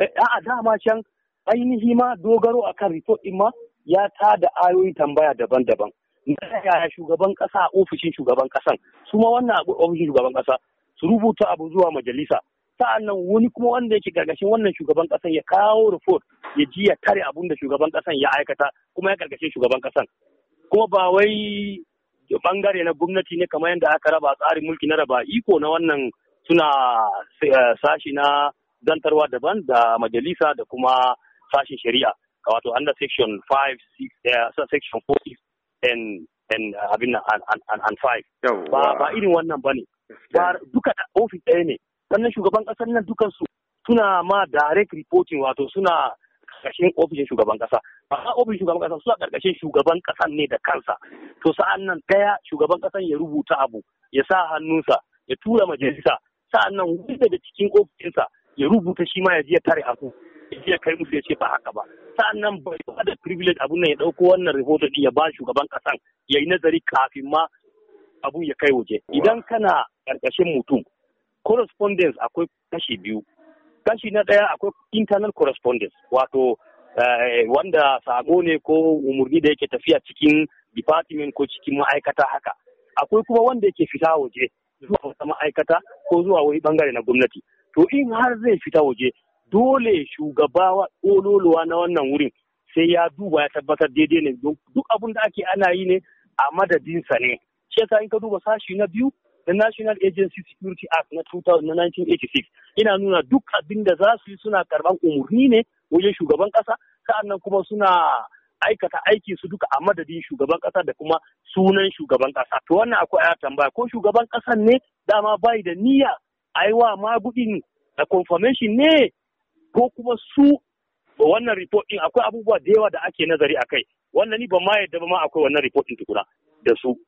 Eh, a dama can ainihi ma dogaro a kan report ɗin ma ya ta da ayoyi tambaya daban-daban. yaya shugaban ƙasa a ofishin shugaban ƙasan su ma wannan a ofishin shugaban ƙasa su rubuta abu zuwa majalisa sa'annan wani kuma wanda yake gargashin wannan shugaban ƙasan ya kawo report ya ji ya tare abun da shugaban ƙasan ya aikata kuma ya gargashin shugaban ƙasan kuma ba wai bangare na gwamnati ne kamar yadda aka raba tsarin mulki na raba iko na wannan suna eh, sashi na zantarwa daban da majalisa da kuma sashen shari'a wato under section 5 eh, section 4 and and 5 uh, ba ba irin wannan bane ba duka da ofis ɗaya ne sannan shugaban ƙasar nan dukansu suna ma direct reporting wato suna ƙarƙashin ofishin shugaban kasa ba a ofishin shugaban ƙasa suna ƙarƙashin shugaban kasan ne da kansa to sa'an nan ɗaya shugaban kasan ya rubuta abu ya sa hannunsa ya tura majalisa sa'an nan wani daga cikin ofishinsa ya rubuta shi ma ya je tare abu ya kai musu ya ce ba haka ba nan bai ba da privilege abun nan ya dauko wannan rahoto ya ba shugaban kasan ya yi nazari kafin ma abun ya kai waje idan kana karkashin mutum correspondence akwai kashi biyu kashi na ɗaya akwai internal correspondence wato eh, wanda sako ne ko umurni da yake tafiya cikin department ko cikin ma'aikata haka akwai kuma wanda yake fita waje zuwa wata ma'aikata ko zuwa wani bangare na gwamnati to in har zai fita waje dole shugaba ololowa na wannan wurin sai ya duba ya tabbatar daidai ne duk abin da ake ana yi ne a madadin sa ne shi in ka duba sashi na biyu da National Agency Security Act na 1986 ina nuna duk abin da za su yi suna karban umarni ne wajen shugaban kasa sa'annan kuma suna aikata aiki su duka a madadin shugaban kasa da kuma sunan shugaban kasa to wannan akwai a tambaya ko shugaban kasan ne dama bai da niyya aiwa magudin a confirmation ne ko kuma su wannan report din akwai abubuwa da yawa da ake nazari a kai wannan ni ba ma yadda ba ma akwai wannan report din tukuna da su